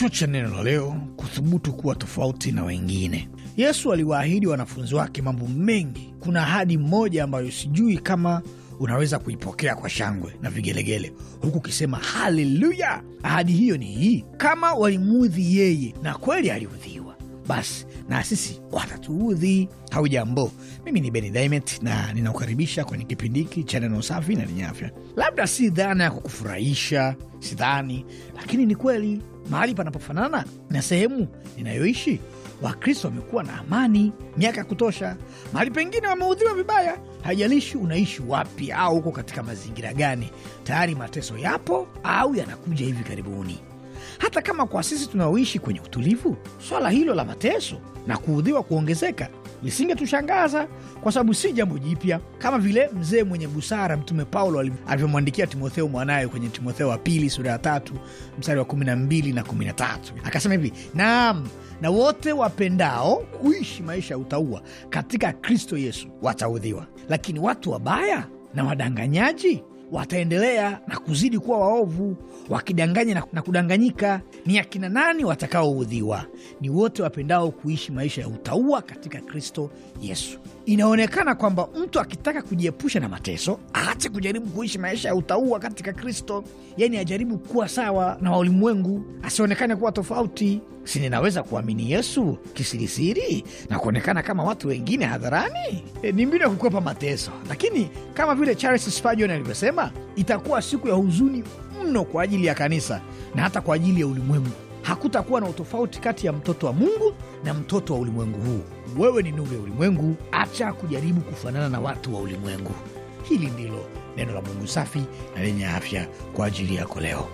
Kichwa cha neno la leo: kuthubutu kuwa tofauti na wengine. Yesu aliwaahidi wanafunzi wake mambo mengi. Kuna ahadi moja ambayo sijui kama unaweza kuipokea kwa shangwe na vigelegele, huku ukisema haleluya. Ahadi hiyo ni hii: kama walimudhi yeye, na kweli aliudhiwa, basi na sisi watatuudhi. jambo mimi ni Beni Dimet na ninakukaribisha kwenye kipindi hiki cha neno safi na lenye afya. Labda si dhana ya kukufurahisha, sidhani, lakini ni kweli mahali panapofanana na sehemu ninayoishi, Wakristo wamekuwa na amani miaka ya kutosha. Mahali pengine wameudhiwa vibaya, haijalishi unaishi wapi au uko katika mazingira gani, tayari mateso yapo au yanakuja hivi karibuni. Hata kama kwa sisi tunaoishi kwenye utulivu, swala hilo la mateso na kuudhiwa kuongezeka lisingetushangaza kwa sababu si jambo jipya, kama vile mzee mwenye busara Mtume Paulo alivyomwandikia Timotheo mwanaye kwenye Timotheo wa pili sura ya tatu mstari wa 12 na tatu akasema hivi: naam, na wote wapendao kuishi maisha ya utaua katika Kristo Yesu wataudhiwa, lakini watu wabaya na wadanganyaji wataendelea na kuzidi kuwa waovu, wakidanganya na kudanganyika. Ni akina nani watakaoudhiwa? Ni wote wapendao kuishi maisha ya utaua katika Kristo Yesu inaonekana kwamba mtu akitaka kujiepusha na mateso aache kujaribu kuishi maisha ya utaua katika Kristo, yani ajaribu kuwa sawa na walimwengu, asionekane kuwa tofauti. Si ninaweza kuamini Yesu kisirisiri na kuonekana kama watu wengine hadharani? E, ni mbinu ya kukwepa mateso, lakini kama vile Charles Spurgeon alivyosema, itakuwa siku ya huzuni mno kwa ajili ya kanisa na hata kwa ajili ya ulimwengu hakutakuwa na utofauti kati ya mtoto wa Mungu na mtoto wa ulimwengu huu. Wewe ni nuru ya ulimwengu, acha kujaribu kufanana na watu wa ulimwengu. Hili ndilo neno la Mungu safi na lenye afya kwa ajili yako leo.